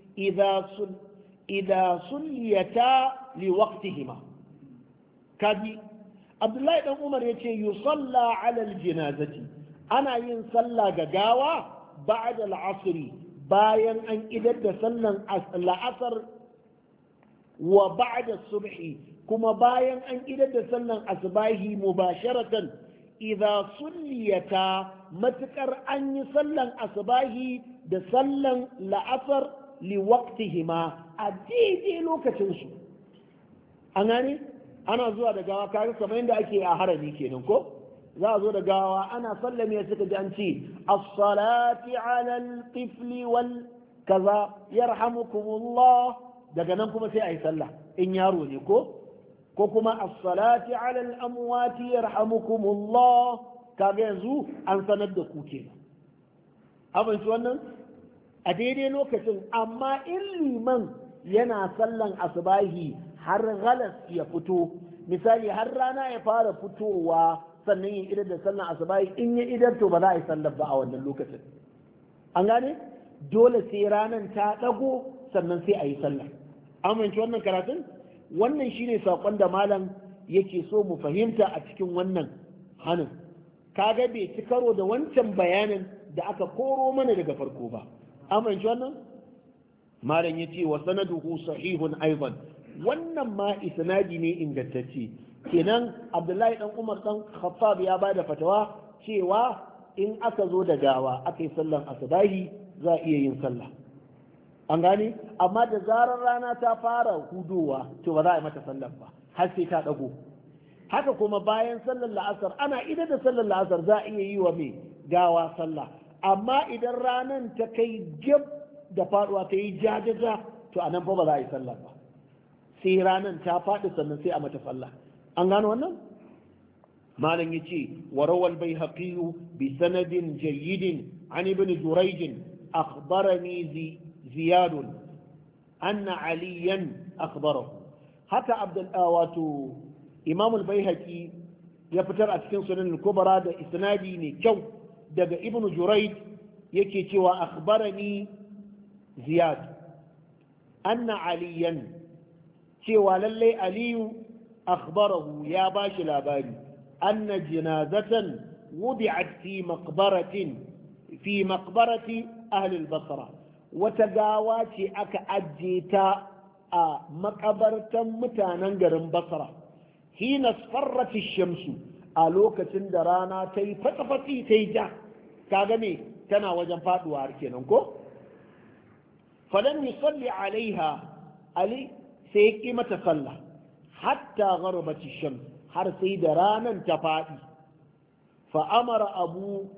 idha sulliyata li waqtihima kaji abdullahi ɗan umar ya ce yusalla ala jinazati ana yin sallah ga gawa ba'da al'asri bayan an idar da sallan la'asar wa ba'da subhi kuma bayan an idar da sallan asbahi mubasharatan idza sulliyata matukar an yi sallan asbahi da sallan la'asar liwaktihima a daidai lokacinsu an gane ana zuwa da gawa kaga kamar yadda ake a harami kenan ko za a zo da gawa ana sallame suka ji an ce as-salati ala al-tifl wal kaza yarhamukumullah daga nan kuma sai a yi sallah in yaro ne ko ko kuma as-salati ala al-amwati yarhamukumullah kaga yanzu an sanar da ku kenan abin wannan a daidai lokacin amma in liman yana sallan asubahi har galas ya fito misali har rana ya fara fitowa sannan ya idar da sallan asubahi in ya idar to ba za a yi sallar ba a wannan lokacin an gane dole sai ranar ta dago sannan sai a yi sallah amince wannan karatun wannan shine sakon da malam yake so mu fahimta a cikin wannan hanin kaga bai ci karo da wancan bayanin da aka koro mana daga farko ba an fahimci wannan malam yace wa sanaduhu sahihun aidan wannan ma isnadi ne ingantacce kenan abdullahi dan umar dan khattab ya bada fatawa cewa in aka zo da gawa aka yi sallan asubahi za a iya yin sallah an gane amma da zarar rana ta fara hudowa to ba za a yi mata sallan ba har sai ta dago haka kuma bayan sallar la'asar ana ida da sallar la'asar za a iya yi wa mai gawa sallah amma idan ranan ta kai jab da faduwa ta yi jajaja to anan fa ba za a yi sallah ba sai ranan ta faɗi sannan sai a mata sallah an gano wannan malam yace warawal bayhaqi bi sanadin jayyidin an ibn jurayj akhbarani ziyad anna aliyan akhbarahu haka abdul awatu ah, imam al ya fitar a cikin sunan al-kubra da isnadi ne kyau daga ibn jurayj yake cewa akhbarani ziyad anna aliyan cewa lallai aliyu Akbarahu ya bashi labari anna jinazatan wudi'at fi maqbaratin fi maqbarati ahli al-basra wata gawa ce aka ajje ta a makabartan mutanen garin basra hina sfarrat shamsu a lokacin da rana ta yi fatafati ta yi ja kaga me tana wajen faduwa har kenan ko falam yusalli alaiha ali sai ƙi mata sallah hatta gharabati shams har sai da ranan ta faɗi fa amara abu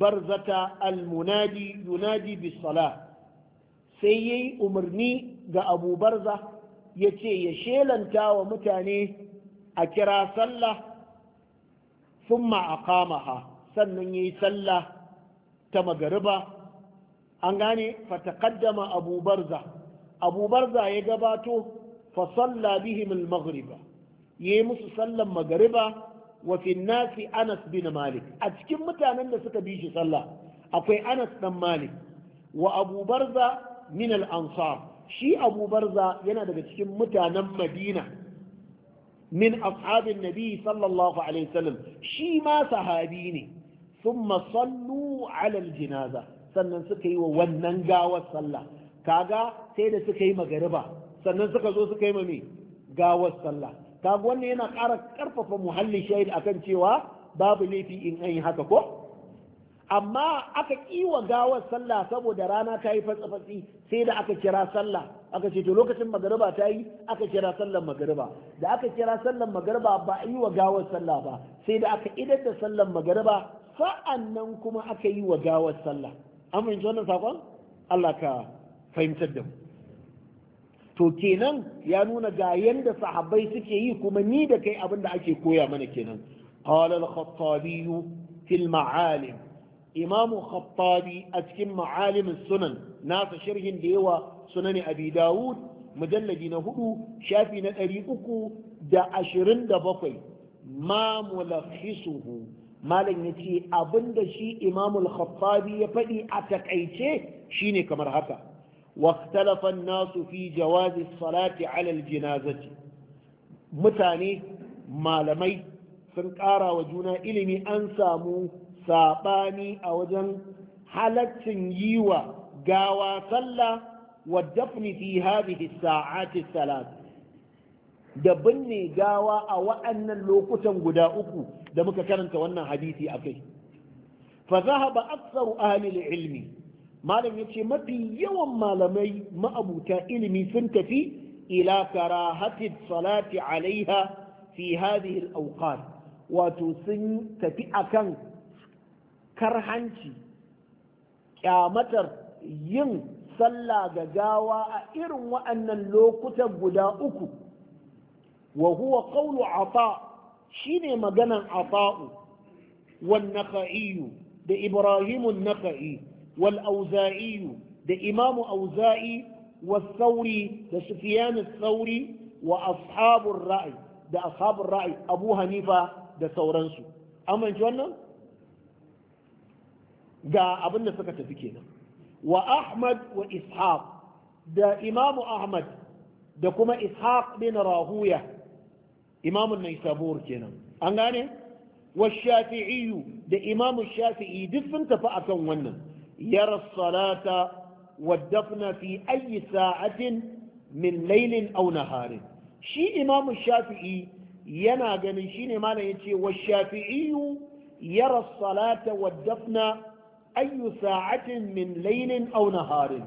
barzata almunadi yunadi bis sala sai yayi umarni ga abu barza yace ya shelanta wa mutane a kira sallah thumma aqamaha sannan yayi sallah ta magariba an gane fataqaddama abu barza abu barza ya gabato fa salla bihim al-maghriba yayi musu sallan magariba wa fi nasi Anas bin Malik a cikin mutanen da suka bi shi sallah akwai Anas dan Malik wa Abu Barza min al-Ansar shi Abu Barza yana daga cikin mutanen Madina min ashabin Nabi sallallahu alaihi wasallam shi ma sahabi ne thumma sallu ala al-janaza sannan suka yi wa wannan gawar sallah kaga sai da suka yi magariba sannan suka zo suka yi mami gawar sallah kaga wannan yana ƙara ƙarfafa muhallin shahid kan cewa babu laifi in an yi haka ko amma aka kiwa gawar sallah saboda rana ta yi fatsafatsi sai da aka kira sallah aka ce to lokacin magariba ta yi aka kira sallar magariba da aka kira sallar magariba ba a yi wa gawar sallah ba sai da aka idar da sallar magariba sa'annan kuma aka yi wa gawar sallah an fahimci wannan sakon Allah ka fahimtar da mu to kenan ya nuna ga yanda sahabbai suke yi kuma ni da kai abin da ake koya mana kenan qala al-khattabi fi maalim imam khattabi a cikin ma'alim sunan nasa sharhin da yawa sunan abi dawud mujalladi na hudu shafi na ɗari uku da ashirin da bakwai ma mulakhisuhu malam ya ce abinda shi imamul khattabi ya faɗi a takaice shine kamar haka واختلف الناس في جواز الصلاة على الجنازة متاني malamai sun ƙara wa juna ilimi an samu saɓani a wajen halaccin yiwa gawa sallah wa dafni fi hadhihi sa'ati salat da binne gawa a wa'annan lokutan guda uku da muka karanta wannan hadisi akai fa zahaba aktsaru ahli ilmi malam yace mafi yawan malamai ma'abuta ilimi sun tafi ila karahati salati alaiha fi hadhihi al-awqat wato sun tafi akan karhanci kyamatar yin sallah ga gawa a irin wa'annan lokutan guda uku wa huwa qawlu ata shine maganan ata'u wan naqi da ibrahimun naqi wal auza'i da imamu auza'i wa sauri da sufyan sauri wa ashabur ra'i da ashabur ra'i abu hanifa da sauransu amince wannan ga abin da suka tafi kenan wa ahmad wa ishaq da imamu ahmad da kuma ishaq bin rahuya imamun naisabur kenan an gane wa shafi'iyu da imamu shafi'i duk sun tafi akan wannan يرى الصلاة والدفن في أي ساعة من ليل أو نهار شي إمام الشافعي ينا ganin shine malam yace wa shafi'i yara salata wa dafna ayu min laylin aw naharin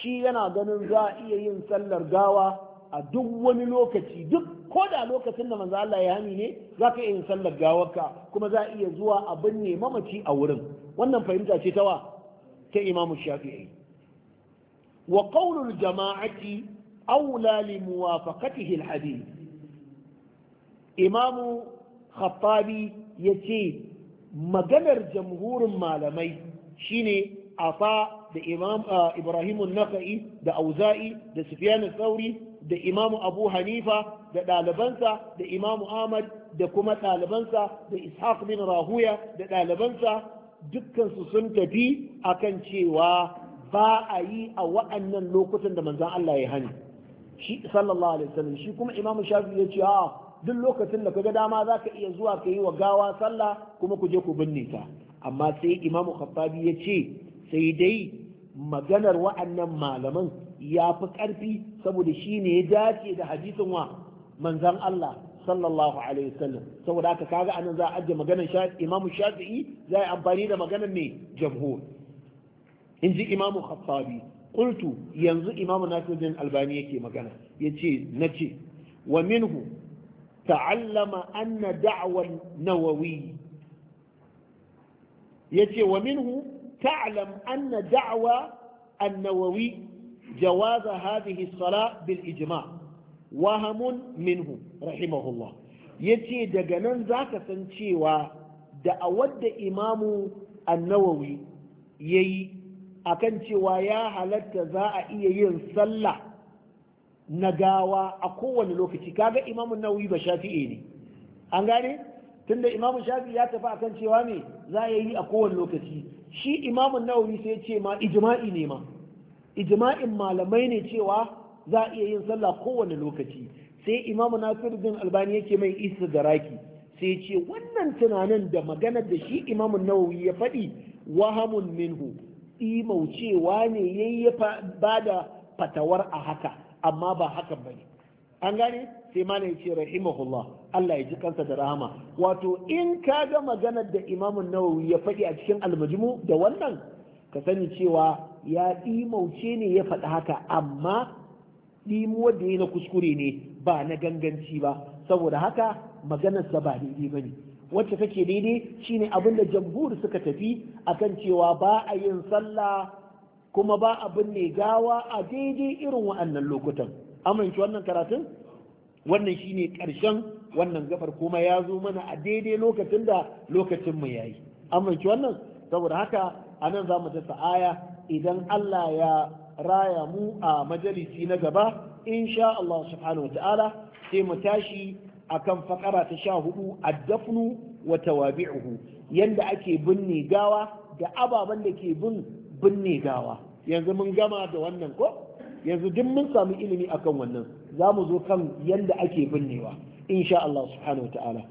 shi yana ganin za iya yin sallar gawa a duk wani lokaci duk ko da lokacin da manzo Allah ya hani ne za ka iya yin sallar gawarka kuma za'a iya zuwa a binne mamaci a wurin wannan fahimta ce ta wa ta imamu shafi'i wa qaulul jama'ati aula li muwafaqatihi al-hadith imamu ya ce maganar jamhurin malamai shine afa da imam ah, ibrahim an da auza'i da sufyan Sa'uri da imamu abu hanifa da ɗalibansa da imamu ahmad da kuma ɗalibansa da ishaq bin rahuya da ɗalibansa dukkansu sun tafi akan cewa ba a yi a wa'annan lokutan da manzan Allah ya hani shi sallallahu alaihi wasallam shi kuma imamu shafi ya ce a ah, duk lokacin da kaga dama za ka iya zuwa ka yi wa gawa sallah kuma ku je ku binne ta amma sai imamu khattabi ya ce sai dai maganar wa'annan malaman ya fi ƙarfi saboda shi ne ya dace da hadisin wa manzan Allah صلى الله عليه وسلم سو ذاك كذا أنا ذا أجي مجنن شاد إمام الشافعي ذا أباني ذا مجنن مي جمهور إنزي إمام الخطابي قلت ينزي إمام الناس الدين الألباني كي مجنن يجي نجي ومنه تعلم أن دعوة النووي يجي ومنه تعلم أن دعوة النووي جواز هذه الصلاة بالإجماع wahamun minhu rahimahullah yace daga nan zaka san cewa da awadda imamu annawawi yayi akan cewa ya halatta za a iya yin sallah na gawa a kowane lokaci kaga imamu nawawi ba shafi'i ne an gane tunda imamu shafi'i ya tafi akan cewa ne za a yi a kowane lokaci shi imamu nawawi sai ce ma ijima'i ne ma ijma'in malamai ne cewa za a iya yin sallah kowane lokaci sai imamu din albani yake mai isa da raki sai ce wannan tunanin da maganar da shi imamun nawawi ya faɗi wahamun minhu cewa ne ya ya ba da fatawar a haka amma ba hakan ne. an gane sai malam ce rahimahullah Allah ya ji kansa da rahama wato in ka ga maganar da imamun nawawi ya faɗi a cikin almajimu da wannan ka sani cewa ya imauce ne ya faɗi haka amma Dimu wanda ya na kuskure ne ba na ganganci ba saboda haka maganarsa ba daidai ba ne wacce take daidai shine abin da jamhur suka tafi akan cewa ba a yin sallah kuma ba abin ne gawa a daidai irin wa'annan lokutan amince wannan karatun wannan shine karshen wannan gabar kuma ya zo mana a daidai lokacin da lokacinmu ya yi amince wannan saboda haka a nan za mu ta aya idan allah ya raya mu a majalisi na gaba insha Allah subhanahu wa ta'ala sai mu tashi akan fakara ta sha hudu addafnu wa tawabi'uhu yanda ake binne gawa da ababen da ke bin binne gawa yanzu mun gama da wannan ko yanzu duk mun samu ilimi akan wannan za mu zo kan yanda ake binnewa insha Allah subhanahu wa ta'ala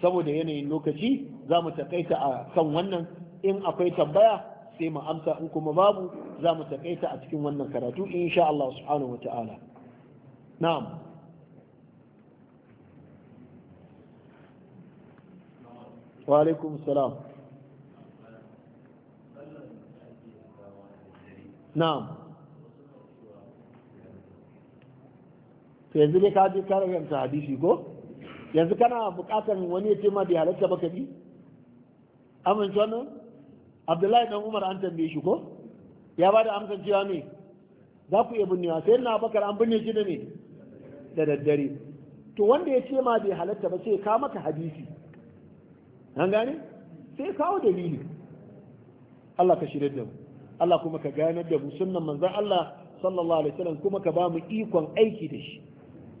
saboda yanayin lokaci za mu takaita a kan wannan in akwai tambaya sai mu amsa in kuma babu za mu takaita a cikin wannan karatu insha Allah subhanahu wata'ala na'am wa alaikum salam na'am yanzu ne ka je ka raganta hadisi ko yanzu kana bukatar wani ya ce ma bai halatta baka bi amince wannan abdullahi dan umar an tambaye shi ko ya ba da amsar cewa me za ku iya binnewa sai na abakar an binne shi da me da daddare to wanda ya ce ma bai halatta ba sai ka maka hadisi an gane sai kawo dalili Allah ka shirya da mu Allah kuma ka ganar da mu sunnan manzon Allah sallallahu alaihi wasallam kuma ka ba mu ikon aiki da shi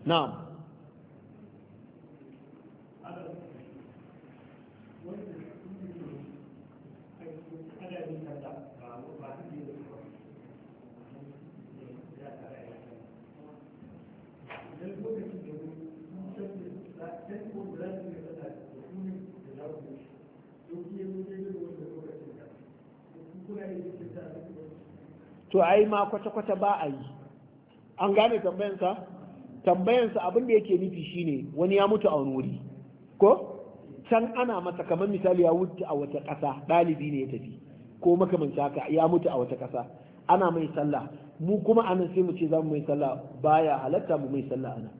na'am to ai ma kwata-kwata ba a yi an gane tambayansa tambayansa abin da yake nufi shine wani ya mutu a wani wuri ko can ana masa kamar misali ya mutu a wata ƙasa ɗalibi ne ya tafi ko makamanta haka ya mutu a wata ƙasa ana mai sallah mu kuma anan sai mu ce za mu mai sallah baya halatta mu mai sallah ana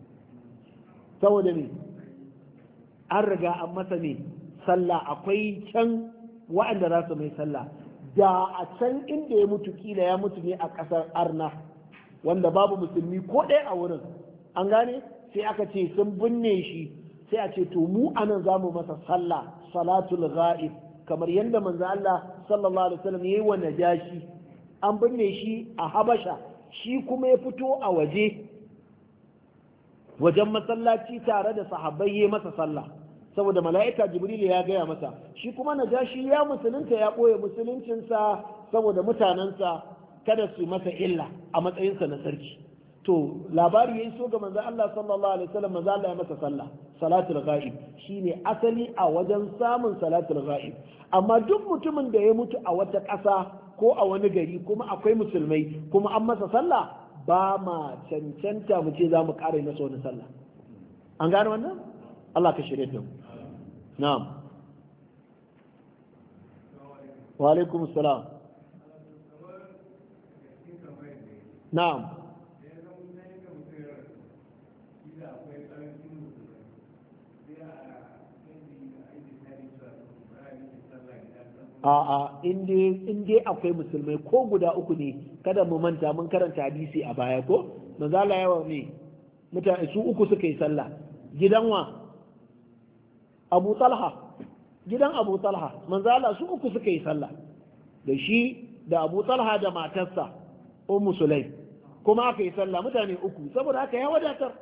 saboda ne an riga an masa ne sallah akwai can wa'anda za su mai sallah da a can inda ya mutu kila ya mutu ne a ƙasar arna wanda babu musulmi ko ɗaya a wurin an gane sai aka ce sun binne shi sai a ce to mu anan za mu masa sallah salatul ghaib kamar yadda manzo Allah sallallahu alaihi wasallam yayi wa najashi an binne shi a habasha shi kuma ya fito a waje wajen masallaci tare da sahabbai yayi masa sallah saboda mala'ika jibril ya gaya masa shi kuma shi ya musulunta ya ɓoye musuluncinsa saboda mutanensa kada su masa illa a matsayinsa na sarki to labari ya iso ga manzo Allah sallallahu alaihi wasallam manzo Allah ya masa sallah salatul ghaib shine asali a wajen samun salatul ghaib amma duk mutumin da ya mutu a wata ƙasa ko a wani gari kuma akwai musulmai kuma an masa sallah ba ma cancanta mu ce za mu ƙara masa wani sallah an gane wannan Allah ka shirya da mu na'am wa alaikum نعم na'am a'a in dai akwai musulmai ko guda uku ne kada mu manta mun karanta hadisi a baya ko manzala yawa ne mutane su uku suka yi sallah gidan wa abu talha gidan abu talha manzo Allah su uku suka yi sallah da shi da abu talha da matarsa ummu sulaim kuma aka yi sallah mutane uku saboda haka ya wadatar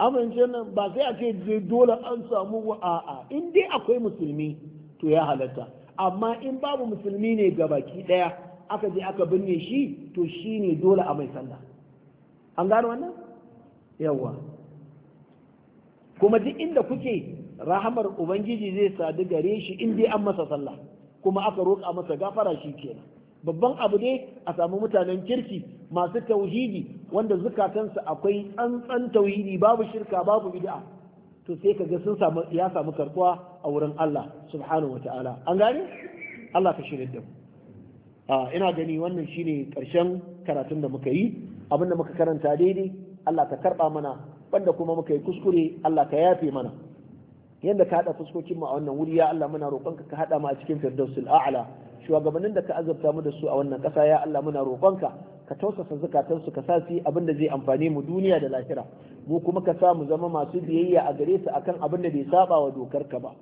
amince nan ba sai a ce dole an samu A'a in dai akwai musulmi to ya halatta amma in babu musulmi ne ga baki daya aka je aka binne shi to shi ne dole a mai sallah an gano wannan yawwa kuma duk inda kuke rahamar ubangiji zai sadu gare shi in dai an masa sallah kuma aka roƙa masa gafara shi kenan babban abu ne a samu mutanen kirki masu tauhidi wanda zukatansu akwai tsantsan tauhidi babu shirka babu bid'a to sai kaga ga sun samu ya samu karkuwa a wurin Allah subhanahu wata'ala an gane Allah ka shirya da mu ah, ina gani wannan shine karshen karatun da muka yi abinda muka karanta daidai Allah ka karba mana Banda kuma muka yi kuskure Allah ka yafe mana yanda ka haɗa fuskokin mu a wannan wuri ya Allah muna roƙonka ka haɗa mu a cikin firdausul a'la shugabannin da ka azabta mu da su a wannan ƙasa ya Allah muna roƙonka ka tausasa su ka sa su abin da zai amfane mu duniya da lahira mu kuma ka sa mu zama masu biyayya a gare su akan abin da bai saba wa dokar ka ba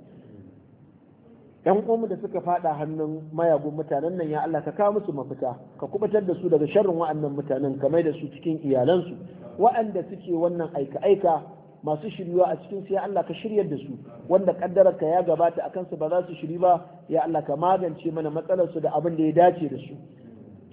yan uwanmu da suka faɗa hannun mayagun mutanen nan ya Allah ka kawo musu mafita ka kubatar da su daga sharrin wa'annan mutanen ka mai da su cikin iyalansu wa'anda suke wannan aika aika masu shiryuwa a cikin ya Allah ka shiryar da su wanda kaddarar ka ya gabata a kansu ba za su shiri ba ya Allah ka magance mana matsalar su da abin da ya dace da su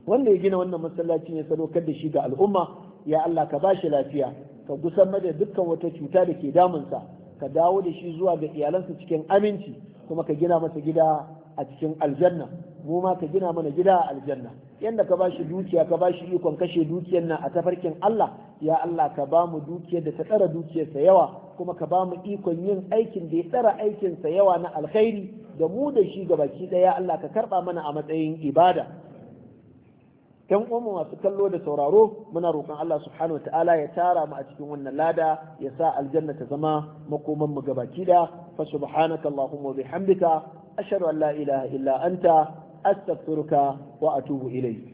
wanda ya gina wannan masallacin ya sadaukar da shi ga al'umma ya Allah ka bashi lafiya ka gusan da dukkan wata cuta da ke damunsa ka dawo da shi zuwa ga iyalansa cikin aminci kuma ka gina masa gida a cikin aljanna mu ma ka gina mana gida a aljanna yanda ka bashi dukiya ka bashi ikon kashe dukiyar nan a tafarkin Allah ya Allah ka ba mu dukiyar da ta tsara dukiyarsa yawa kuma ka ba mu ikon yin aikin da ya tsara aikinsa yawa na alkhairi da mu da shi ga baki daya Allah ka karba mana a matsayin ibada yan uwanmu masu kallo da sauraro muna roƙon Allah subhanahu wa ta'ala ya tara mu a cikin wannan lada ya sa aljanna ta zama makoman mu gabaki da fa subhanaka allahumma bihamdika ashhadu an la ilaha illa anta astaghfiruka wa tuhu ilai.